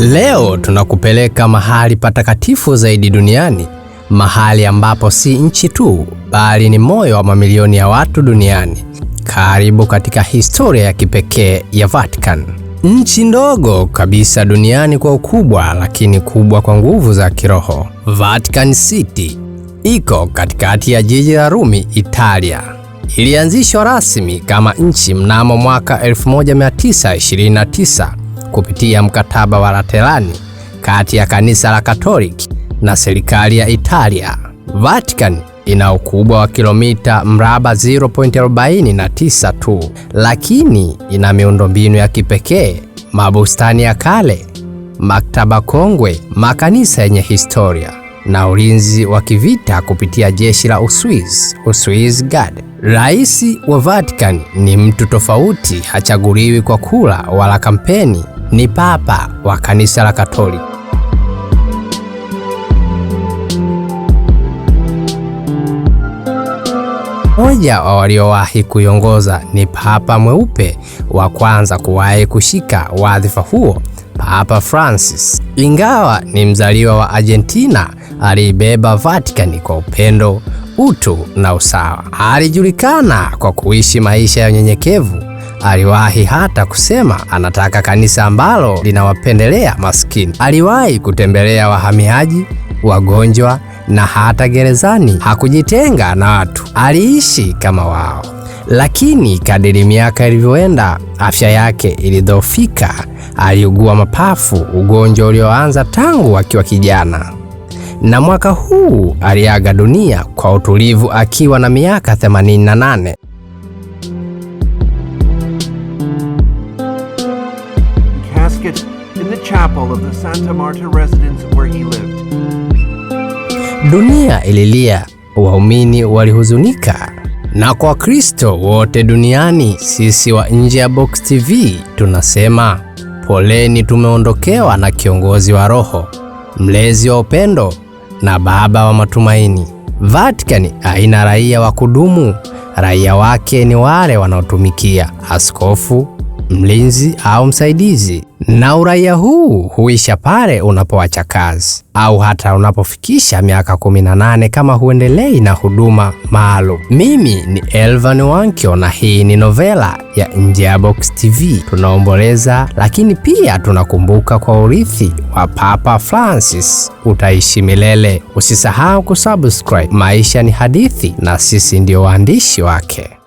Leo tunakupeleka mahali patakatifu zaidi duniani, mahali ambapo si nchi tu, bali ni moyo wa mamilioni ya watu duniani. Karibu katika historia ya kipekee ya Vatican, nchi ndogo kabisa duniani kwa ukubwa, lakini kubwa kwa nguvu za kiroho. Vatican City iko katikati ya jiji la Rumi, Italia. Ilianzishwa rasmi kama nchi mnamo mwaka 1929 kupitia mkataba wa Laterani kati ya kanisa la Katoliki na serikali ya Italia. Vatican ina ukubwa wa kilomita mraba 0.49 tu, lakini ina miundombinu ya kipekee, mabustani ya kale, maktaba kongwe, makanisa yenye historia na ulinzi wa kivita kupitia jeshi la Uswiss, Uswiss Guard. Rais wa Vatican ni mtu tofauti, hachaguliwi kwa kura wala kampeni, ni papa wa kanisa la Katoliki. Mmoja wa waliowahi kuiongoza ni papa mweupe wa kwanza kuwahi kushika wadhifa huo, Papa Francis. Ingawa ni mzaliwa wa Argentina, aliibeba Vatican kwa upendo utu na usawa. Alijulikana kwa kuishi maisha ya unyenyekevu. Aliwahi hata kusema anataka kanisa ambalo linawapendelea maskini. Aliwahi kutembelea wahamiaji, wagonjwa na hata gerezani. Hakujitenga na watu, aliishi kama wao. Lakini kadiri miaka ilivyoenda, afya yake ilidhoofika. Aliugua mapafu, ugonjwa ulioanza tangu akiwa kijana na mwaka huu aliaga dunia kwa utulivu akiwa na miaka 88. Dunia ililia, waumini walihuzunika, na kwa Kristo wote duniani, sisi wa Nje ya Box TV tunasema poleni, tumeondokewa na kiongozi wa roho, mlezi wa upendo na baba wa matumaini. Vatican haina raia wa kudumu. Raia wake ni wale wanaotumikia askofu mlinzi au msaidizi, na uraia huu huisha pale unapoacha kazi au hata unapofikisha miaka 18 kama huendelei na huduma maalum. Mimi ni Elvan Wankyo na hii ni novela ya Nje ya Box TV. Tunaomboleza lakini pia tunakumbuka kwa urithi wa Papa Francis. Utaishi milele. Usisahau kusubscribe. Maisha ni hadithi na sisi ndio waandishi wake.